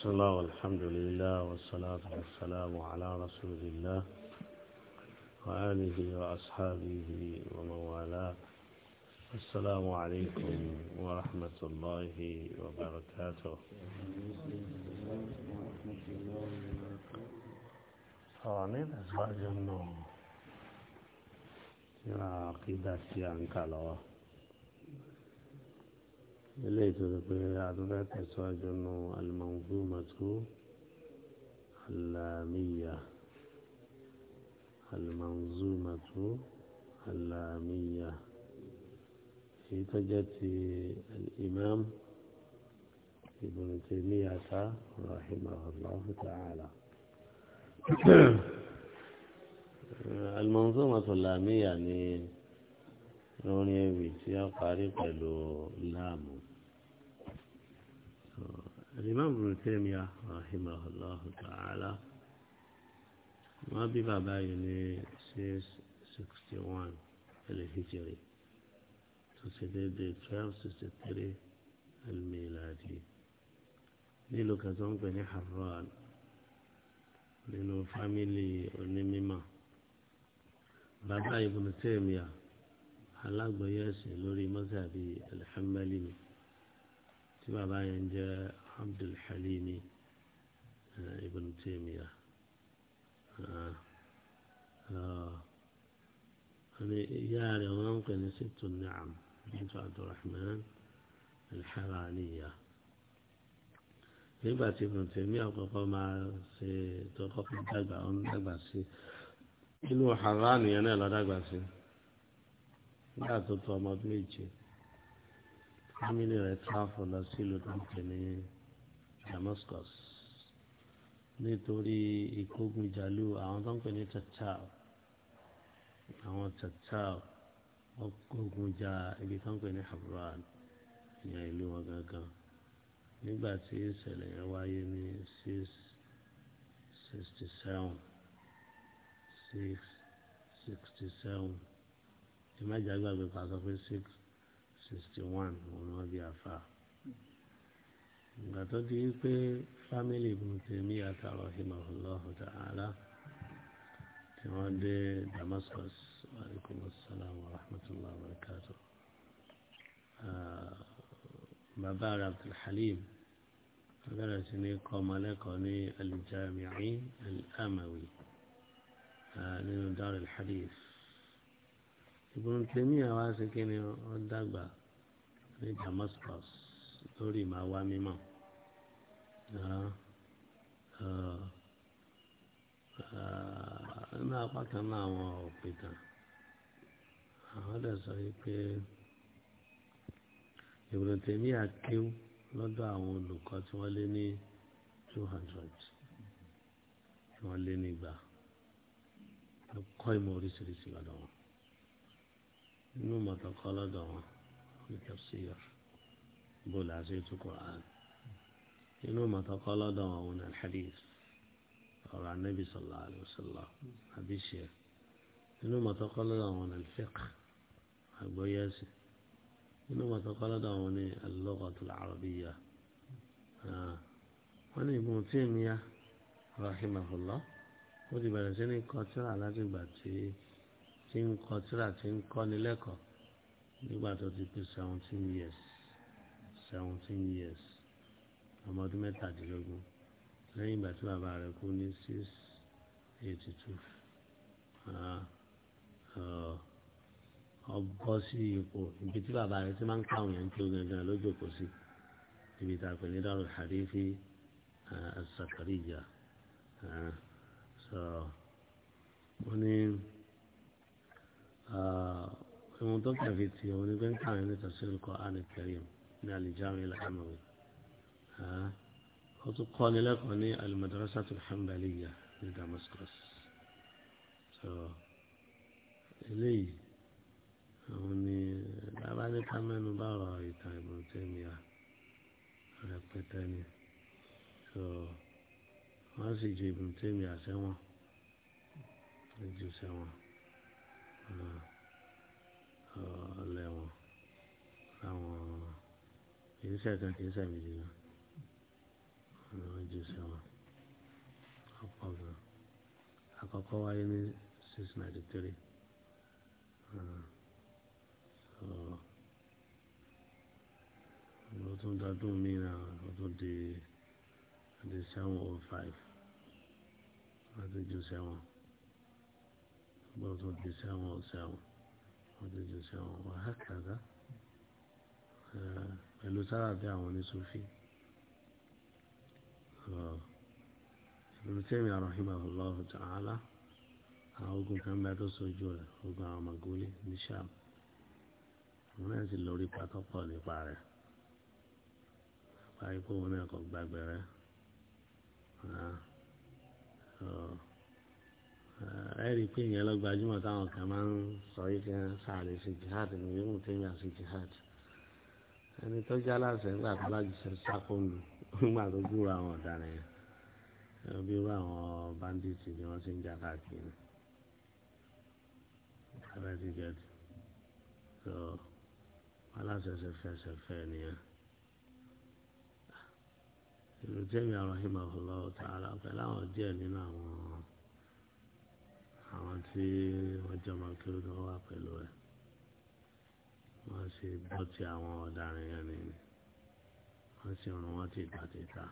بسم الله والحمد لله والصلاة والسلام على رسول الله وآله وأصحابه ومن والاه السلام عليكم ورحمة الله وبركاته صواني الأزواج النوم يا عقيدة كالوه eléyìí tó ti pé àtúntà tẹ̀síwájú nù alimọ̀gbọ́mọ̀tò alàmìyà alimọ̀gbọ́mọ̀tò alàmìyà èyí tó jẹ́ ti imam ibn taymiyata rahimahullah ta'ala. المنظومة اللامية يعني لون يبي تيا قاري قلو لامو الإمام ابن تيمية رحمه الله تعالى ما بيبا بايني سيس سكستي وان الهجري تسديد تويلف سيستي ثري الميلادي nílùú kan tó ń pè ní Harran nínú fámìlì onímímọ́ bàbá Ibn Taymiyyah alágbèyẹ ẹsẹ lórí mọ́sàbí al-Hanbali ni tí bàbá yẹn jẹ́ عبد الحليم ابن تيمية يا رمام كان ست النعم بنت عبد الرحمن الحرانية nígbà tí ibùdó tèmi àkọ́kọ́ máa ṣe tọkọ fún dàgbà ọ̀n dàgbà sí inú ọ̀hárá nìyẹn náà lọ dàgbà sí nígbà tó tó ọmọ ọdún méje fámìlì rẹ̀ tráfù lọ sí ìlú tó ń pè ní Damascus nítorí ìkógunjàlú àwọn tó ń pè ní Tatar àwọn Tatar ọkọ̀gunjà ibi tó ń pè ní Habran ìyẹn ìlú wọn gangan nígbà tí ìṣẹ̀lẹ̀ yẹn wáyé ní six sixty seven six sixty seven ìmájà gbàgbé pàṣẹ pé six sixty one òun náà bí afa ìgbà tó di pé fámìlì Ibn Taymiyyah rahimahullahu ta'ala tí wọ́n dé Damascus alaikum assalam wa rahmatullahi wa barakatuh ah, bàbá rẹ̀ Abdulhalim bẹ̀rẹ̀ sí ní kọ́ ọmọlẹ́kọ̀ọ́ ní al-Jami'i al-Amawi ah, nínú Dar hadith Ibn Taymiyyah wá sí kí ni wọ́n dàgbà ní Damascus lórí ìmáwá mímọ́ nínú apá kan náà àwọn òpìtàn àwọn dẹ̀ sọ wípé Ibn Taymiyyah akéwù lọ́dọ̀ àwọn olùkọ́ tí wọ́n lé ní two hundred tí wọ́n lé ní igba wọ́n kọ́ ìmọ̀ oríṣiríṣi lọ́dọ̀ wọn nínú mọ̀tọ́kọ́ lọ́dọ̀ wọn wọ́n kẹ́ bó làásì tún Kùránì inú mọ̀tọ́kọ́ lọ́dọ̀ àwọn alhadith ọ̀rọ̀ anábì sallallahu alaihi wasallam àbíṣẹ́ inú mọ̀tọ́kọ́ lọ́dọ̀ àwọn alfiqh àgbọ́yẹ́sì inú mọ̀tọ́kọ́ lọ́dọ̀ àwọn ní al-lughatul arabiyya ah, wọ́n ní Ibn Taymiyyah rahimahullah ó ti bẹ̀rẹ̀ sí ní kọtíra láti gbà tí tí ń kọtíra tí ń kọ́ni lẹ́kọ̀ọ́ nígbà tó ti pé seventeen years seventeen years ọmọ ọdún mẹ́tàdínlógún lẹ́yìn ìgbà tí bàbá rẹ̀ kú ní six eighty two ọbọ̀ sí ipò ibi tí bàbá rẹ̀ ti máa ń káwọn yẹn ń kí ogun ẹ̀gbọ́n lójú kò sí ibi tá a pè ní dárò hadithi asakariya sọ wọn ní ohun tó kẹfì tí òun ní pé ń káwọn yẹn ní tafsir al-Qur'an ní al-Jami' ó tún kọ́ ni lẹ́kọ̀ọ́ ní al-Madrasatul Hanbaliyya ní Damascus so eléyìí àwọn ni bàbá ní ká mẹ́nu bá ọ̀rọ̀ ìtàn ìbùn tẹ́míà rẹpẹtẹ ni so wọ́n sì ju ìbùn tẹ́míà sẹ́wọ̀n ju sẹ́wọ̀n ọ̀lẹ́wọ̀n láwọn kì sẹ́kan kì í sẹ́mìjì àkọ́kọ́ wáyé ní six ninety three ló hmm. tún dọdún mí náà ó tún di di seven oh five wọ́n ti ju seven gbọ́dọ̀ tún di seven oh seven wọ́n ti ju seven wọ́n á kàdá pẹ̀lú sára bí àwọn oníṣòfin. Ibn Taymiyyah Allah ta'ala àwọn ogun kan bá tó sojú rẹ̀ ogun àwọn magoli ní Sham wọn náà sì lórí pátápọ̀ nípa rẹ̀ báyìí pé òun náà kò gbàgbẹ́rẹ́ ah. ẹ̀rí pé ìyẹn lọ gbajúmọ̀ táwọn kan máa ń sọ yìí kí wọ́n sáré sí jihad ní Ibn Taymiyyah sí jihad ẹni tó jálá sẹ́ńgbà tó lájú sẹ́ńsákó nù nígbà tó gbúra àwọn ọ̀daràn yẹn ẹ̀rọ bí irú àwọn bandits ni wọ́n ti ń jà káàkiri abẹ́tí gẹ̀ẹ́tì tó aláṣẹṣẹ fẹsẹ̀ fẹ́ nìyẹn. Ibn Taymiyyah rahimahullah ta'ala pẹ̀lú àwọn díẹ̀ nínú àwọn àwọn tí wọ́n jọmọ kí wọ́n wà pẹ̀lú ẹ̀ wọ́n sì gbọ́ ti àwọn ọ̀daràn yẹn nìyẹn wọ́n ti rún wọ́n ti gbà títà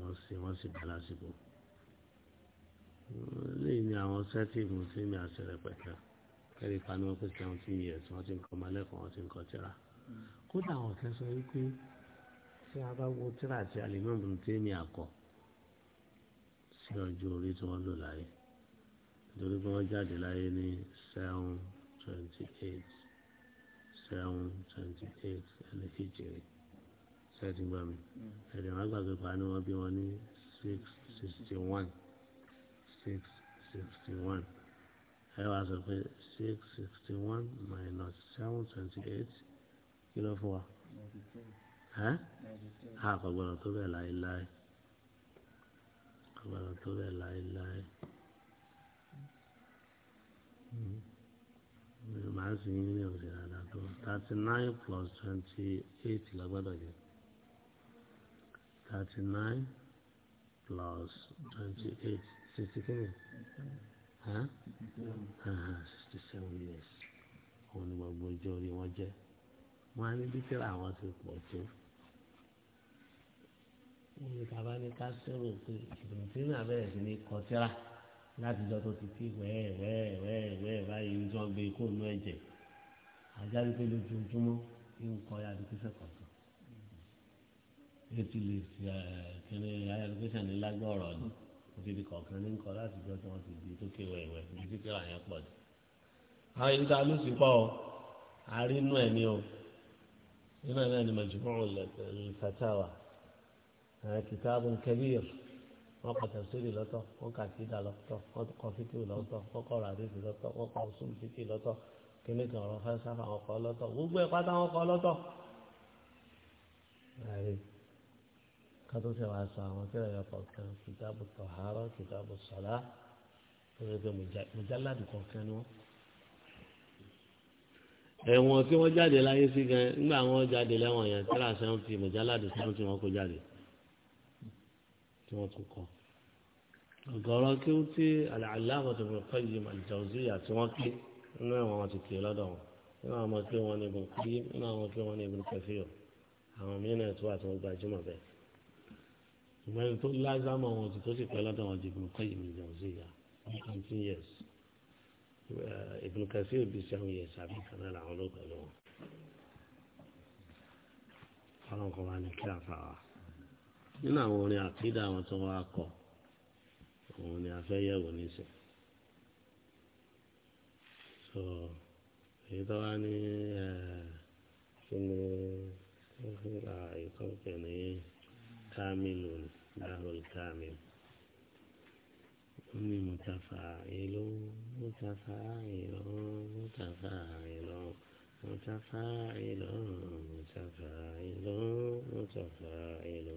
wọ́n sì wọ́n sì bá lásìkò lẹ́yìn ní àwọn sẹ́tìmù sí mi àṣẹ rẹpẹtẹ kẹ́rì pa ní wọ́n pé seventeen years wọ́n ti ń kọ́ malẹ́kọ̀ọ́ wọ́n ti ń kọ́ tíra kódà àwọn kan sọ wípé tí a bá wo tíra àti alimọ́ọ̀mù tẹ́mi àkọ́ sí ọjọ́ orí tí wọ́n lò láyé nítorí pé wọ́n jáde láyé ní seven twenty eight seven twenty eight ẹni kejìlẹ sẹ́ẹ̀tì gbà mí mm. ẹ̀dẹ̀ wọn gbàgbé pa ni wọ́n bí wọn ní six sixty one six sixty one ẹ wá sọ pé six sixty one minus seven twenty eight kí ló fún wa ẹ àkọ́gbọ́dọ̀ tó bẹ̀ láéláé àkọ́gbọ́dọ̀ tó bẹ̀ láéláé. Mm-hmm màá sì yín ní òsè dáadáa tó thirty nine plus twenty eight lọ́gbọ́dọ̀ jẹ́ thirty nine plus twenty eight sixty three sixty seven years òun ni gbogbo ọjọ́ orí wọn jẹ́ wọn á ní dúkìá àwọn ti pọ̀ tó ìyẹn tàbá ní ká sọ̀rọ̀ pé ìdùnnú tí náà bẹ̀rẹ̀ sí ní kọtíra láti jọ tó ti fi wẹ́ẹ̀ wẹ́ẹ̀ wẹ́ẹ̀ wẹ́ẹ̀ báyìí ń jọ gbé kó nu ẹ̀jẹ̀ ajá wípé lójoojúmọ́ ń kọ́ ya àdúgbò sẹ́kọ̀ọ́ tó ètò lè fi kíni ayélujára ní lágbọ̀rọ̀ ni òtí di kọ̀ọ̀kan ní nǹkan láti jọ tí wọ́n ti di tó kéwàá ìwẹ̀ ní títí àyàn pọ̀ jù. àwọn ìlú ta ló sì pọ̀ ọ́ àrínú ẹ̀ ní o nínú ẹ̀ náà ni majmu'ul fatawa kìtàbùn kabir wọ́n kọ lọ́tọ̀ wọ́n kà lọ́tọ̀ wọ́n kọ lọ́tọ̀ wọ́n ràdíìsì lọ́tọ̀ wọ́n kọ sùn lọ́tọ̀ kíní kan ọ̀rọ̀ fẹ́sàfà wọn kọ lọ́tọ̀ gbogbo ẹ̀ pátá wọn lọ́tọ̀. ká tó ṣe sọ àwọn tí ìrẹ̀lẹ̀ kọ̀ọ̀kan kìtàbù tọ̀hárọ̀ kìtàbù sọ̀lá lórí pé mùjáládì kọ̀ọ̀kan ni wọ́n. ẹ̀wọ̀n tí wọ́n jáde láyé wọ́n tún kọ́ ọ̀gọ̀rọ̀ kí ó ti àlàáfà tó fi kọ́ yìí àlìjàwùzí àti wọ́n ké nínú àwọn ọmọ tètè lọ́dọ̀ wọn nínú àwọn ọmọ pé wọ́n ní ibùn kúyí nínú àwọn pé wọ́n ní ibùn kẹfíọ̀ àwọn mìíràn tó wà tó gbajúmọ̀ bẹ́ẹ̀ ìgbọ́n tó lázámọ̀ wọn tó sì pẹ́ lọ́dọ̀ wọn di ibùn kọ́ yìí yà nineteen years eh, ibùn kẹfíọ̀ bí seven years àbí kanáà làwọn ló pẹ̀lú wọn. ọlọ́run kọ́ wa ní kí àfà wa nínú àwọn orin àkídà àwọn tó wá kọ òun ni a fẹ́ yẹ̀wò níṣẹ́ so èyí tó wá ní kí ni èyí tó ń pè ní kámìlù dáhùn kámìlù ní mùtàfà èlò mùtàfà èlò mùtàfà èlò mùtàfà èlò mùtàfà èlò mùtàfà èlò.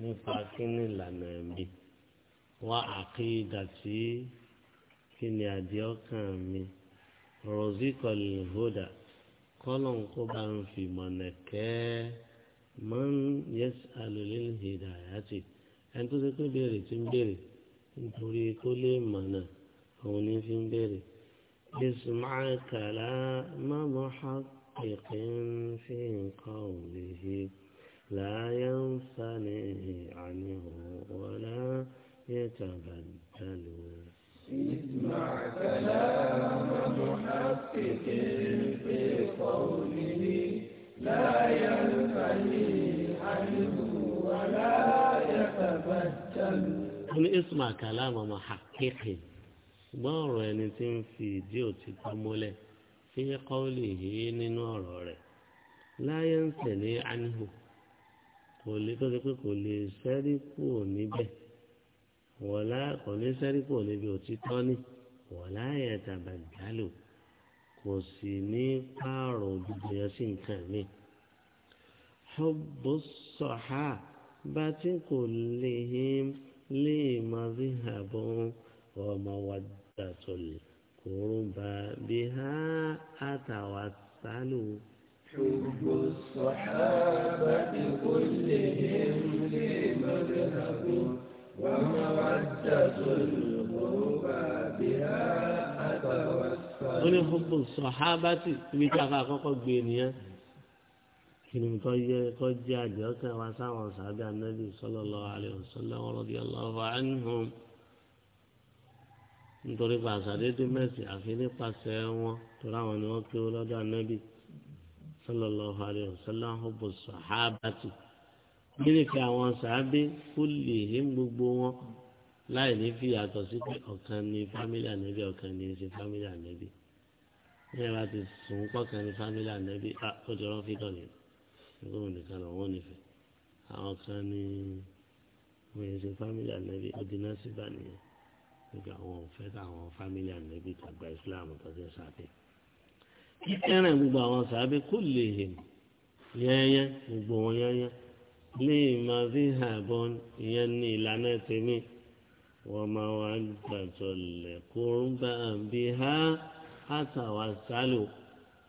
nípa kí ni ìlànà mi wá àkéèdà tí kí ni àdìọ́kàn mi rọ̀zíkọ̀ lè hódà kọ́lọ̀n kó bá ń fi mọ̀nà kẹ́ mọ́n yẹ́sì àlùlé ìhìdà àyàtì ẹni tó ṣe pé béèrè tí ń béèrè nítorí kó lè mọ̀nà òun ní fi ń béèrè. اسمع كلام محقق في قوله لا ينصني عنه ولا يتبدل اسمع كلام محقق في قوله لا ينصني عنه ولا يتبدل قل اسمع كلام محقق gbọ́ọ̀rọ̀ ẹni tí ń fi ìdí òtítọ́ múlẹ̀ fi kọ́ọ̀lì yìí nínú ọ̀rọ̀ rẹ̀ láyé ń ánìhù kò lè tó ṣe pé kò lè sẹ́rí kúrò níbẹ̀ wọ̀lá kò lè sẹ́rí kúrò níbi òtítọ́ ní wọ̀lá yẹn tàbá gálò kò sì ní pààrọ̀ gbogbo yẹn sí nǹkan mi. حب الصحابة كلهم لي مذهب ومودة القربى بها أتوسل حب الصحابة كلهم لي مذهب ومودة القربى بها أتوسل. قل حب الصحابة بتاع كوكو بينيا. kìnnìún tó yẹ kó jẹ́ àjọkẹ́ wa sáwọn sàbẹ̀ anábì sallallahu alaihi wasallam radiyallahu anhum nítorí pàṣẹ àdédé mẹ́sì àfi nípasẹ̀ wọn tó ráwọn ni wọ́n kéwọ́ lọ́dọ̀ anábì sallallahu alayhi wa sallam hubu sahabati mílíkì àwọn sàábé fúlì hìm gbogbo wọn láì ní fi yàtọ̀ sí pé ọ̀kan ní fámílì ànẹ́bí ọ̀kan ní ṣe fámílì ànẹ́bí ní ẹ̀ bá ti sùn pọ̀kan ah, ní fámílì ànẹ́bí ó jọ rán fídọ̀ ni ìgbóhùn nìkan lọ́wọ́ nífẹ̀ẹ́ àwọn kan ní wọ́n ṣe fámílì ànẹ́bí ó dínà síbà nìyẹn nígbà àwọn òfẹ́ táwọn fámílì ànẹ́bí tàgbà ìsìláàmù tó ti ń sàbẹ̀ kíkẹ́rẹ̀ gbogbo àwọn sàbẹ̀ kò lè hìn yẹ́yẹ́ gbogbo wọn yẹ́yẹ́ lè má fi hàbọ̀ ìyẹn ní ìlànà tèmi wọ́n máa wá gbàjọ lẹ́kùn bá bí há àtàwà sálò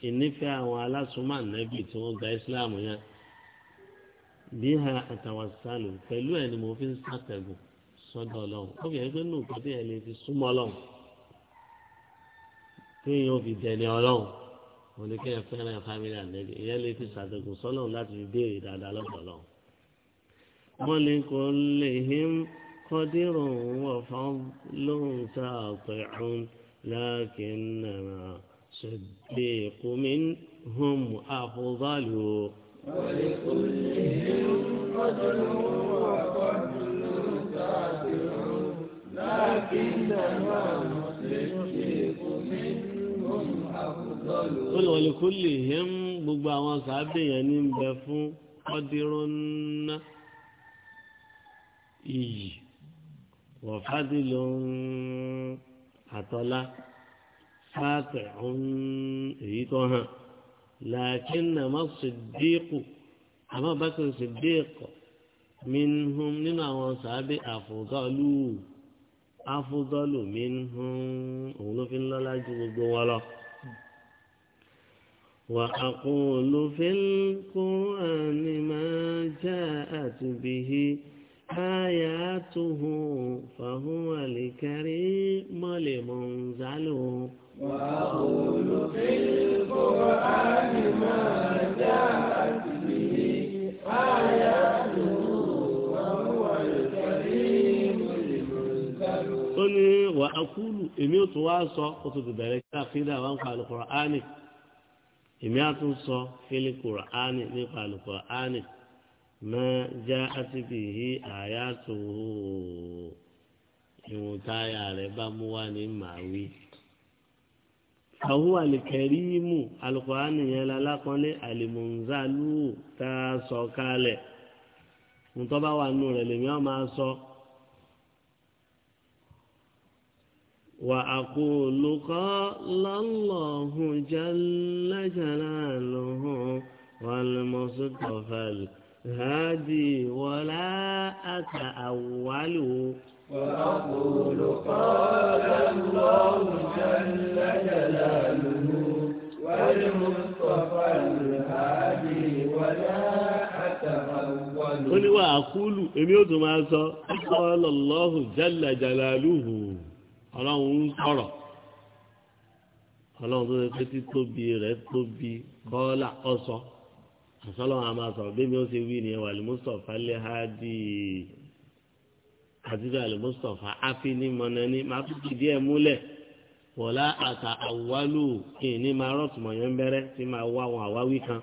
ìnífẹ̀ àwọn alásùnmọ̀ ànábì tí wọ́n gba ìsìláàmù yẹn bí há àtàwà sálò pẹ̀lú ẹ̀ mo fi ń sàtẹ̀gùn sọ́dọ̀ ọlọ́run ó fi ẹ̀ pé nù kọ́tí ẹ̀ lè fi súnmọ́ ọlọ́run téèyàn fi dẹni ọlọ́run wọn ni kéèyàn fẹ́ràn fámìlì ànẹ́bí ìyẹn lè fi ṣàtẹ̀kùn sọ́lọ́run láti fi béèrè dáadáa lọ́dọ̀ lọ́wọ́. wọ́n lè kọ́ lè hím kọ́dírùn lóhùn tá a pẹ̀ ọ́n kùmí hùm àfọ̀bálù. wọ́n lè kọ́ lè hím kọ́dírùn wọ̀fọ́n lóhùn tá a pẹ̀ ọ́n kùmí olùwọ̀lùkúlì hìm gbogbo àwọn sàábẹ̀ yẹn ní bẹ fún ọdírúnná iyì wọ̀fádìlò àtọ́lá sáàtẹ̀ èyí tó hàn làákín nàmọ́ sìdíkù àmọ́ bákan sìdíkù minhum nínú àwọn sàábẹ̀ àfùdọ́lù àfùdọ́lù minhum òun ló fi ń lọ́lá ju gbogbo wọn lọ. وأقول في القرآن ما جاءت به آياته فهو الكريم لمنزل وأقول في القرآن ما جاءت به آياته فهو لكريم لمنزل ó ní wàá kúlù èmi ò tún wá èmi á tún sọ fílí kùránì nípa àlùkùránì mọ já àtibì yí àyà tó ìwọ̀n táyà rẹ̀ bá mú wá ní màwí. àwọ̀ àlìkẹ́rìmù àlùkùránì yẹn lálákọ́lé àlìmọ̀nzálù tá a sọ kalẹ̀ ntọ́ bá wà nù rẹ̀ lèmi á máa sọ. So وأقول قال الله جل جلاله والمصطفى الهادي ولا أتأول وأقول قال الله جل جلاله والمصطفى الهادي ولا أتأول قل وأقول إن يوتما قال الله جل جلاله ọlọ́run ń sọ̀rọ̀ ọlọ́run tó ṣe pé títóbi rẹ̀ tóbi kọ́lá ọ̀sọ́ àsọlọ́run a máa sọ̀rọ̀ bẹ́ẹ̀ mi ó ṣe wí ni wàlí mustapha lẹ́hàdì àti wàlí mustapha afinimọ̀nẹ́ni máa tún kìdí ẹ̀ múlẹ̀ wọ̀lá àtà àwálù kí ni máa rọ̀tùmọ̀ yẹn bẹ́rẹ́ tí máa wá wọn àwáwí kan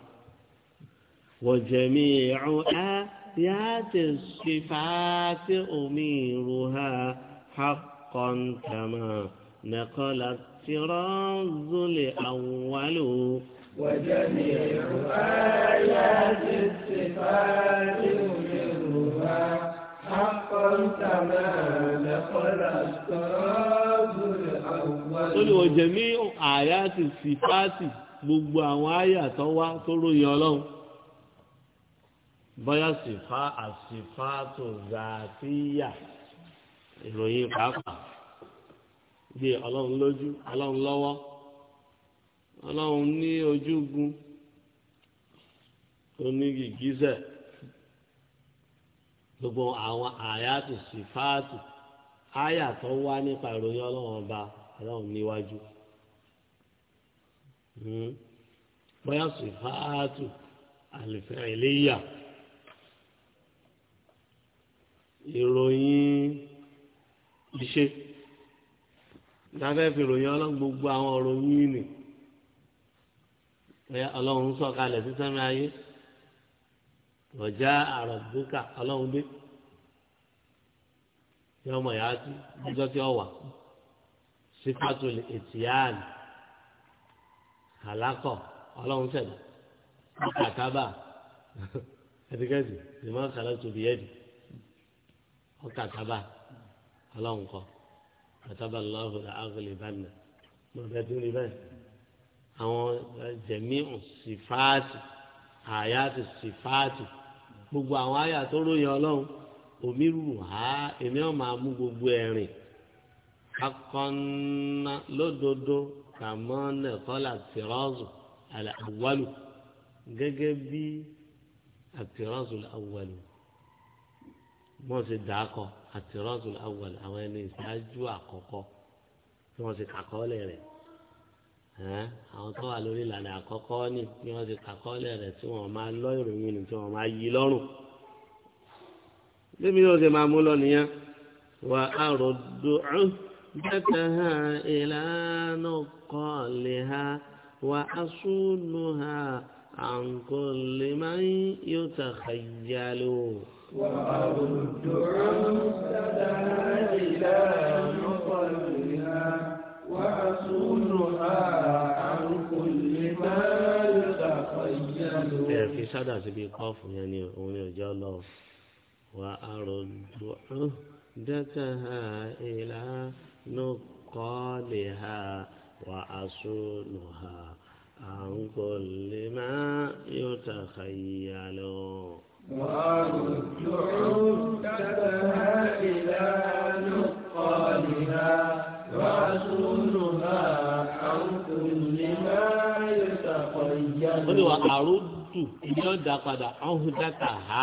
wọ̀jẹ̀mí ẹ̀rùn ẹ̀ yá ti ṣe fàá omi ìrù ha. حقا كما نقل الطراز الأول وجميع آيات الصفات منها حقا كما نقل الطراز الأول قل وجميع آيات الصفات gbogbo àwọn àyà tó wá tó ròyìn ọlọ́run bóyá sìfá àsìfá tó zàtìyà ìròyìn pàápàá bí ọlọ́run lójú ọlọ́run lọ́wọ́ ọlọ́run ní ojúgun onígìgísẹ̀ gbogbo àwọn àyàtò sífáàtò àyàtọ̀ wá nípa ìròyìn ọlọ́run ọba ọlọ́run níwájú hmm. bóyá sífáàtò àlùfẹ́ ìléyà ìròyìn iṣẹ́ dábẹ́ fi ròyìn ọlọ́run gbogbo àwọn ọ̀rọ̀ yín ni ọlọ́run sọ̀kalẹ̀ sí sẹ́mi ayé ọ̀já àrọ̀bùkà ọlọ́run dé tí ọmọ ìyá tí ọjọ́ tí ọ wà sípàtò ètìyáàlì àlákọ̀ ọlọ́run sẹ̀dá kàtàbà ẹ̀dígẹ́sì ìmọ̀ kàlẹ́ tòbí ẹ̀dì ọlọ́run kọ́ àtàbà lọ́hùn àgọ́lẹ̀ ìbànú mọ̀lẹ́ tó rí bẹ́ẹ̀ àwọn eh, jẹ̀mí sífáàtì àyàtì sífáàtì gbogbo àwọn àyà tó ròyìn ọlọ́run omi rù á èmi ọ̀ máa mú gbogbo ẹ̀rìn akọ́nà lódodo kàmọ́ nẹ̀kọ́lá tìrọ́zù àlẹ́ àwálù gẹ́gẹ́ bí àtìrọ́zù àwálù wọ́n ti dàá àtìrọ́sù awọ̀l àwọn ẹni ìṣáájú àkọ́kọ́ tí wọ́n ti kàkọ́ọ́lẹ̀ rẹ̀ àwọn tó wà lórí ìlànà àkọ́kọ́ ni tí wọ́n ti kàkọ́ọ́lẹ̀ rẹ̀ tí wọ́n máa lọ ìròyìn ni tí wọ́n máa yí lọ́rùn. bí mi yóò ṣe máa mú lọ nìyẹn wà á rọ̀dù bẹ́tẹ̀ ha ìlànà kọ́ọ̀lì ha wà á súnú ha àǹkọ̀lì máa yóò tàkàyà lóhùn. وأرد عمسنا إلى نقلنا وأصونها عن كل ما تخيل في سادة سبي قاف يعني هنا جاء الله وأرد عهدتها إلى نقالها وأصونها عن كل ما يتخيل wọ́n ní wa àrùdù ìyọ́ da padà ọ̀hún dáta ha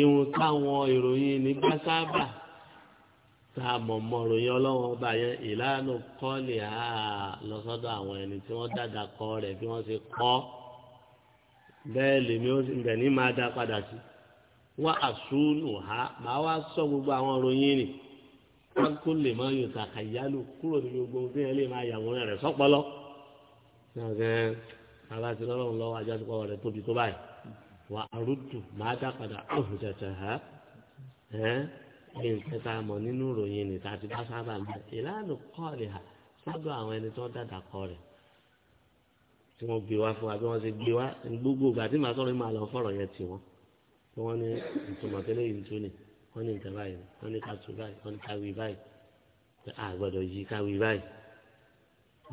ìhun táwọn ìròyìn nígbà sábà tá a mọ̀ mọ̀ ròyìn ọlọ́wọ́ ọba yẹn ìlànà kọ́ọ̀lì ha lọ sọ́dọ̀ àwọn ẹni tí wọ́n dáadáa kọ́ rẹ̀ bí wọ́n ṣe bẹ́ẹ̀ lèmi ó sì bẹ̀ ní máa dá padà sí wá àsúnù ha màá wá sọ gbogbo àwọn ròyìn rìn wọn kó lè máa yọ tàkà ìyálò kúrò ní gbogbo ohun tí yẹn lè máa yàwòrán rẹ̀ sọpọlọ ṣàgẹ́n bàbá ti lọ́rùn lọ́wọ́ ajá tó kọ́ rẹ̀ tóbi tó báyìí wà àrùtù màá dá padà ọ̀hún ṣẹṣẹ ha ẹ́ nǹkan tá a mọ̀ nínú ròyìn rìn tá a ti bá sábà ń bẹ̀ ìlànà kọ́ ha sọ́dọ̀ àwọn ẹni tó dàdà kọ́ tí wọ́n gbé wá fún wa bí wọ́n ṣe gbé wá gbogbo ìgbà tí màá sọ̀rọ̀ máa lọ fọ̀rọ̀ yẹn tì wọ́n tí wọ́n ní ìtòmọ̀tẹ́lẹ̀ yìí tó ní wọ́n ní nǹkan báyìí wọ́n ní ká tó báyìí wọ́n ní ká wí báyìí a gbọ́dọ̀ yí ká wí báyìí.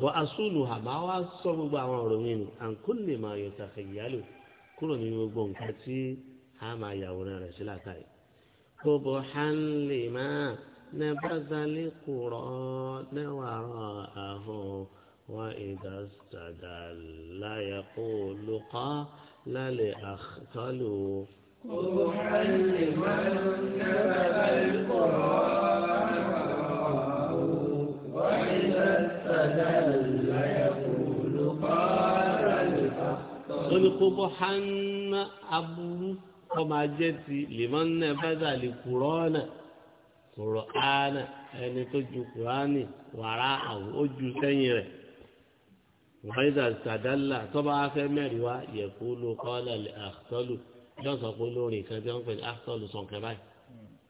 wọ́n asúlù àbá wa sọ gbogbo àwọn ọ̀rọ̀ yẹn ni à ń kó lè máa yọta ìyálò kúrò ní gbogbo nǹkan tí a máa yàwòrán rẹ̀ sí làkàyè. وإذا استدل يقول قال لأختلوا روحا لمن القرآن وإذا استدل يقول قال لأختلوا قبحا أبو وما جتي لمن نبذ القرآن قرآن أن يعني تجو قرآن وراءه أجو سيره wàhídà tàdálà tọ́ba afẹ́ mẹ́rin wá yẹ̀kú ló kọ́lá àtọ́lù yóò sọ pé lórí nǹkan tí wọ́n pè ní àtọ́lù sọ̀nkẹ́ báyìí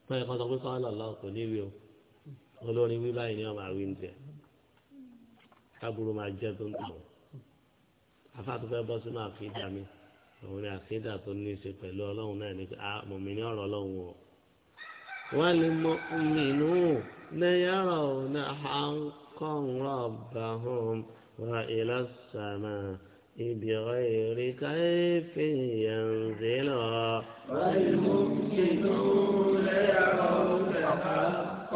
wọ́n yẹ kó sọ pé kọ́lá lọ kò ní wí o olórin wí báyìí ni wọ́n máa wí ń tẹ̀ kábúrò máa jẹ́ tó ń tà wọ́n afáàtú fẹ́ bọ́ sínú àfíìdá mi òun ni àfíìdá tó ní í ṣe pẹ̀lú ọlọ́run náà ni mọ̀mí ní ọ̀rọ̀ ọlọ́run o wọ́n lè mọ òmìnú náà yàrá òun náà وإلى السماء بغير كيف ينزلا والمفسدون يرون حق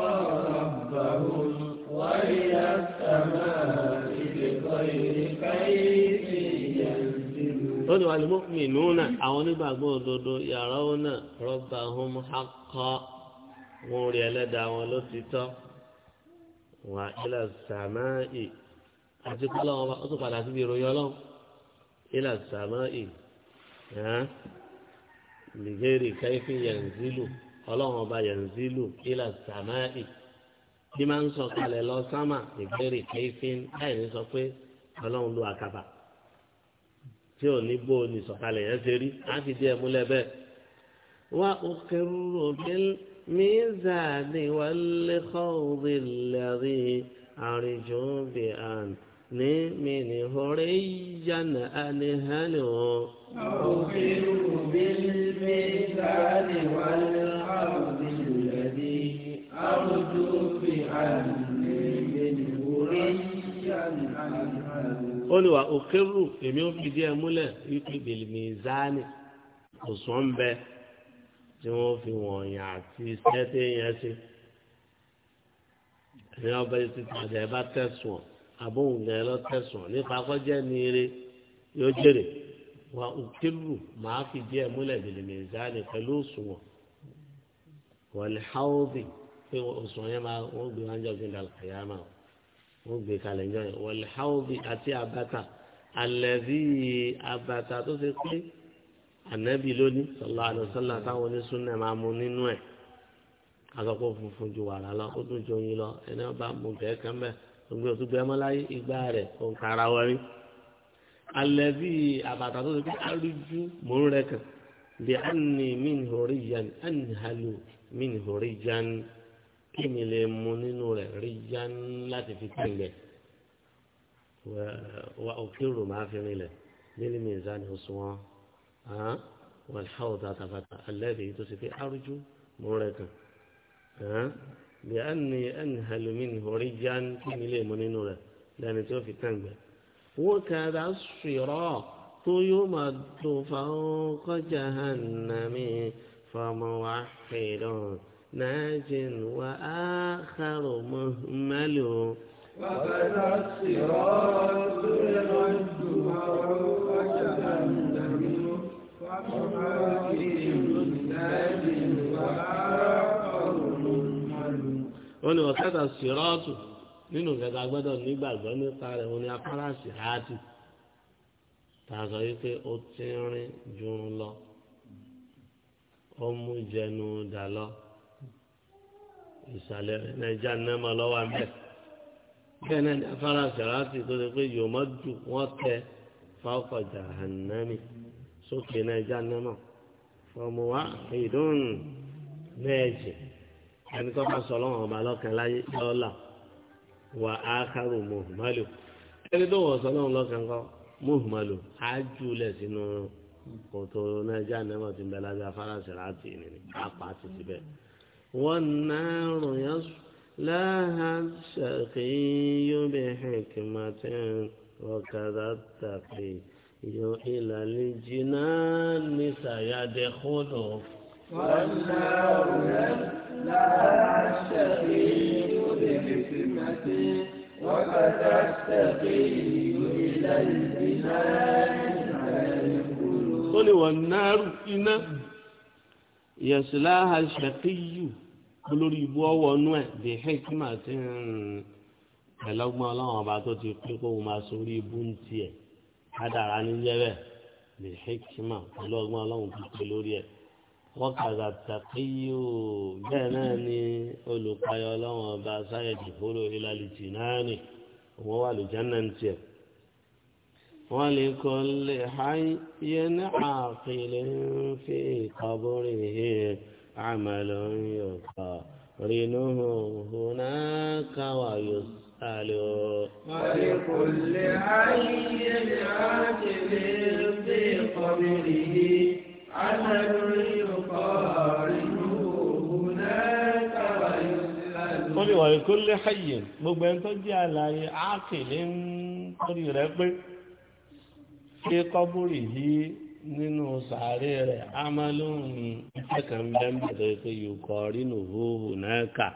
ربهم وإلى السماء بغير كيف ينزلا قل والمؤمنون أعوني بقول دودو يرون ربهم حقا موري لدى ولو وإلى السماء àti kọ́ lọ́wọ́ wa ó tún padà síbi ìròyìn ọlọ́run ilà sàmáì nìgéèrè káyífì yẹnzílù ọlọ́run ọba yẹnzílù ilà sàmáì bí máa ń sọ kalẹ̀ lọ sámà nìgéèrè káyífì láì ní sọ pé ọlọ́run lu àkàbà tí ò ní bó ní sọ̀kalẹ̀ yẹn ṣe rí á fi díẹ̀ múlẹ̀ bẹ́ẹ̀ wá òkè rúrò bí mízàdì wà lẹ́kọ̀ọ́ òbí lẹ́rìí àrìjọ́ bí àná ní mìíní hóre yánà àní hánì wọn. òfin òbí mi sáni wà láàbùdí lẹ́bí àbùdó fi àlè mìíní hóre yánà àní hánì. olùwà òkèrú èmi ò fi díẹ̀ múlẹ̀ wípé bèlèmí zánì òsùn ń tí wọ́n fi wọ̀nyàn àti sẹ́tẹ̀ yẹn ṣe. ẹ̀yin ọba yìí ti tàjẹ́ bá tẹ̀sùn ọ̀ àbóhùn gẹ̀ẹ́ lọ́tẹ̀sùn nípa kọjẹ́ ní eré yóò jèrè wà òkèlù màá fi díẹ̀ múlẹ̀ bìlìmì ìzáni pẹ̀lú òṣùwọ̀n wọ̀lẹ̀ háóbì pé òṣùwọ̀n yẹn máa wọ́n gbé wájú ọ̀gbìn dàlùkà yá máa wọ́n gbé kalẹ̀ jọ yẹn wọ̀lẹ̀ háóbì àti àbàtà àlẹ́bí àbàtà tó ṣe pé ànábì lónìí sallallahu alaihi táwọn oníṣúná máa mú nínú ẹ̀ àkọ́kọ́ funfun ju wàrà lọ ó dùn jọyìn lọ ẹni ọba mú bẹ́ẹ̀ kan gbogbo òṣùgbọ́ ẹmọ́láyé ìgbà rẹ̀ òǹkà ara wọrí alẹ́ bí àbàtà tó ti pé arújú mò ń rẹ̀kàn bí ẹnì mí ní orí yan ẹnì halo mí ní orí yan kí mi lè mu nínú rẹ̀ rí yan láti fi pẹ̀lẹ́ wa òkè rò máa fi rinlẹ̀ lílí mi ìzá ni oṣù wọn wọn ṣáwọ́ tàtàfàtà alẹ́ bí tó ti pé arújú mò ń rẹ̀kàn. لأني أنهل منه رجعا كم لي منينو لأني توفي تنبه وكذا الصراط يمد فوق جهنم فموحد ناج وآخر مهمل وكذا الصراط يمد فوق جهنم wọn ni wọ́n sẹ́ta sírọ́ọ̀tù nínú kẹta gbọ́dọ̀ nígbàgbọ́ nípa rẹ̀ wọn ni afárá sírátì tá a sọ yìí pé ó ti rìn jùrún lọ ó mú jẹnu dà lọ ìsàlẹ̀ rẹ̀ nàìjà nẹ́mọ̀ lọ́wọ́ àbẹ̀ bẹ́ẹ̀ náà ni afárá sírátì tó ti pé yòmọ́ jù wọ́n tẹ fáwọ́kọ̀ jàhánámì sókè nàìjà nẹ́mọ̀ fọmùwá ìdún méje ẹni tó bá sọ lọ́wọ́ ọba lọ́kàn láyé lọ́la wà á kárò mọ̀hùmálò ẹni tó wọ̀ sọ lọ́wọ́ lọ́kàn kọ́ mọ̀hùmálò á júlẹ̀ sínú kòtò náà já nẹ́mọ̀ tí ń bẹ lábẹ́ afárasì láti ìnìní apá ti ti bẹ́ẹ̀. wọ́n náà rùn yẹn láha ṣàkíyàn bí hẹ̀kìmọ̀tì ọ̀kadà tàbí yóò ìlàlẹ̀ jìnnà nísàyàdẹ̀ والنار لا تستقيم بحكمة وقد تستقيم إلى البناء قل والنار إنا يسلاها الشقي olórí ibú ọwọ́ inú ẹ̀ bí hekima ti ń ẹlọ́gbọ́n ọlọ́run ọba tó ti pín kó máa sórí ibú ń tiẹ̀ kádàrá ní jẹ́rẹ̀ bí hekima ọlọ́gbọ́n ọlọ́run tó pé lórí ẹ̀ wọ́kàdà tàkíyù bẹ́ẹ̀ náà ni olùpayọ̀ ọlọ́wọ́n ọba sáyẹ̀dì fúlò ìlàlìtì náà nì wọ́n wà lùjánà ń tiẹ̀. wọ́n lè kọ́ lè háyé ní àfihàn fi ìkọ́bùrì hì àmàlà ń yọ̀kọ̀ rìnnú hùnà káwà yóò sálẹ̀ o. wọ́n lè kọ́ lè háyé ní àfihàn fi ìkọ́bùrì hì àmàlà ó lè wà kó lé hayè gbogbo ẹni tó jẹ́ àlàyé ákèlé ń torí rẹ̀ pé ṣé kọ́búrì yìí nínú sàárè rẹ̀ amálóhùn ìfẹ́kàn bẹ́ẹ̀ tó ṣe yòókọ̀ rínú hóhù náà kà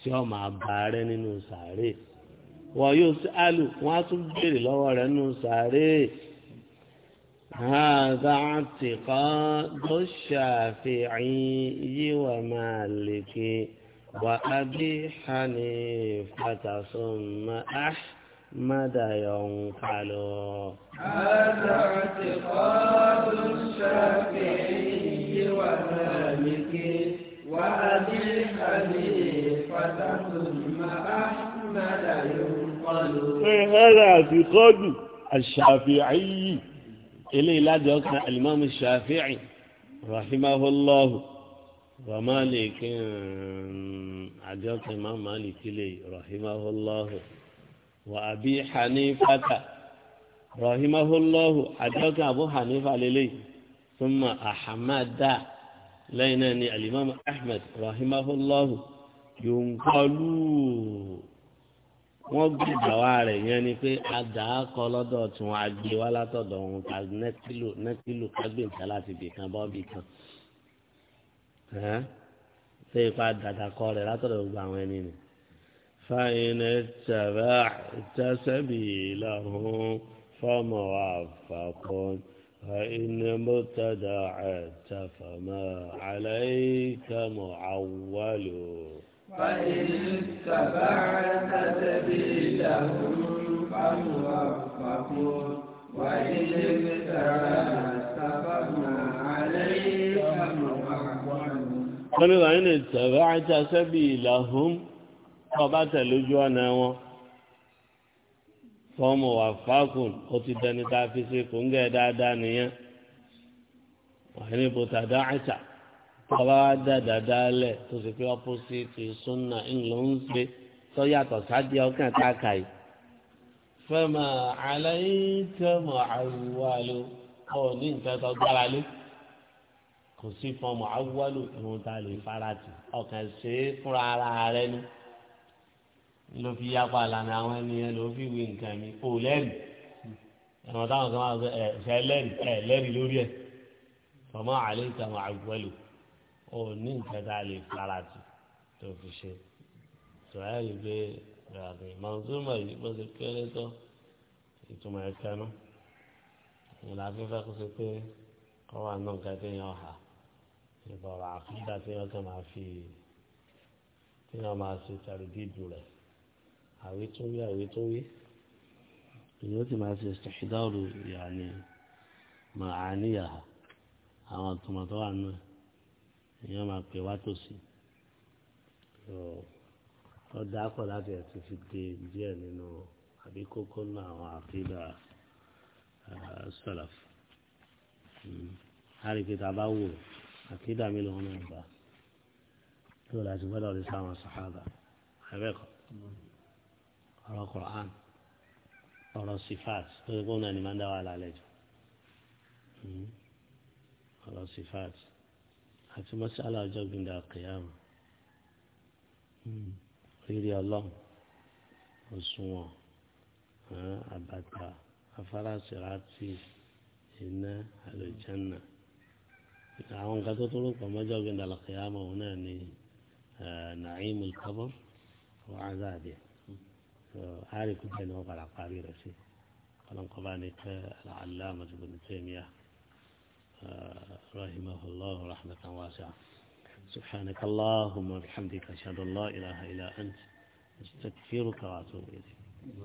tí ó máa bá rẹ̀ nínú sàárè wọ́n yóò sí àlù wọ́n á tún béèrè lọ́wọ́ rẹ̀ nínú sàárè. هذا اعتقاد الشافعي ومالك وأبي حنيفة ثم أحمد ينقل هذا اعتقاد الشافعي ومالك وأبي حنيفة ثم أحمد ينقل إيه، هذا اعتقاد الشافعي eléyìí láti ọkàn alimami shafi'i rahimahullahu wa maliki eh, àjọkàn imam maliki lè rahimahullahu wa abi hanifata rahimahullahu àjọkàn abu hanifa lélẹyìí thumma ahamada lẹ́yìn náà ni alimami ahmed rahimahullahu yòǹkọlù wọ́n gbé ìgbàwá rẹ̀ yẹn ni pé àdá kọ lọ́dọ̀ tí wọ́n á gbé wá látọ̀dọ̀ wọn ká nẹ́kìlò nẹ́kìlò ká gbé nǹkan láti bì kan bọ́ bì kan ṣé ipa dàdà kọ rẹ̀ látọ̀dọ̀ gbogbo àwọn ẹni nì. fàyínà tàbá tàṣẹ́bì làwọn fọ́ọ̀mù àfàkùn fàyínà mọ́tàdà àtàfàmà àlàyé kàmù àwálò. فإن اتبعت سبيلهم فموفقون وإن ابتغيت فما عليك محرم wọ́n ní wàá ní ìtẹ̀wé àjà sẹ́bi ìlàhùn ọba tẹ̀lójú ọ̀nà wọn fọ́ọ̀mù wà fákùn ó ti dẹni tá a fi ṣe kóńgẹ́ dáadáa nìyẹn wàá ní bùtàdá àjà tọ́ba dàda dálẹ̀ tó sì pé ọ́pọ́sìtì súnà ńlọ ń ṣe tó yàtọ̀ sáde ọkàn káàkà yìí. fẹ́mà aláìtẹ́mọ̀ àwùwálò ọ̀ ní nǹkan tó gbára lé kò sí fọmọ àwùwálò ìwọ̀n ta lè farati ọkàn ṣe é fúnra ara rẹ ni ló fi yapa lànà àwọn ènìyàn ló fi wí nǹkan mi ò lẹ́rìí ẹ̀rọ táwọn kan máa ń sọ ẹ̀ ṣẹ́ lẹ́rìí ẹ̀ lẹ́rìí lórí ẹ̀ fọmọ àlẹ́ ìtàwọn àwùwálò ò ní nǹkan tá a lè fara tì tó fi ṣe tòwáyà pé ìrànlẹ́ mọ̀nsúmọ̀ yìí bó ṣe kéré tó ìtumọ̀ ẹ̀ka náà kó ṣe pé kọ́ wà náà nǹkan tó yàn hà ìbọ̀rọ̀ àkúndà tí wọ́n kàn máa fi tí wọ́n máa ṣe tàrídìdù rẹ̀ àwítórí àwítórí èyí ó sì máa ṣe ṣèṣìdáwòrò ìyá ni màá níyà àwọn ìtumọ̀ tó wà náà èèyàn máa pè wá tòsí ọ̀dà pọ̀ láti ẹ̀sìn fi de díẹ̀ nínú àbí kókó nínú àwọn àfihàn sọ̀làf àríkìtà bá wò àkídà mélòó wọn náà gbà tó láti gbọ́dọ̀ lè sáwọn sàhábà àbẹ́kọ̀ ọ̀rọ̀ kọ̀ọ̀án ọ̀rọ̀ sifat tó yẹ kó náà ní máa ń dá wà lálẹ́ hmm. ọ̀rọ̀ sifat àti mọ́ṣálá ọjọ́ gbìndà kìyàmù hmm. rírí ọlọ́run òṣùwọ̀n àbàtà afárásìrátì iná àlùjánà àwọn nǹkan tó tó rò pọ̀ mọ́jọ́ gbìndà kìyàmù òun náà ni naim ìkọ́bọ̀ wọ́n á záàdì àárẹ̀ kúkẹ́ ni wọ́n padà parí rẹ̀ sí ọlọ́nkọ́ bá ní pẹ́ àlàálá mọ́tò gbòmìtì ẹ̀mí yá. رحمه الله رحمة واسعة سبحانك اللهم وبحمدك أشهد الله إله إلا أنت استغفرك واتوب إليك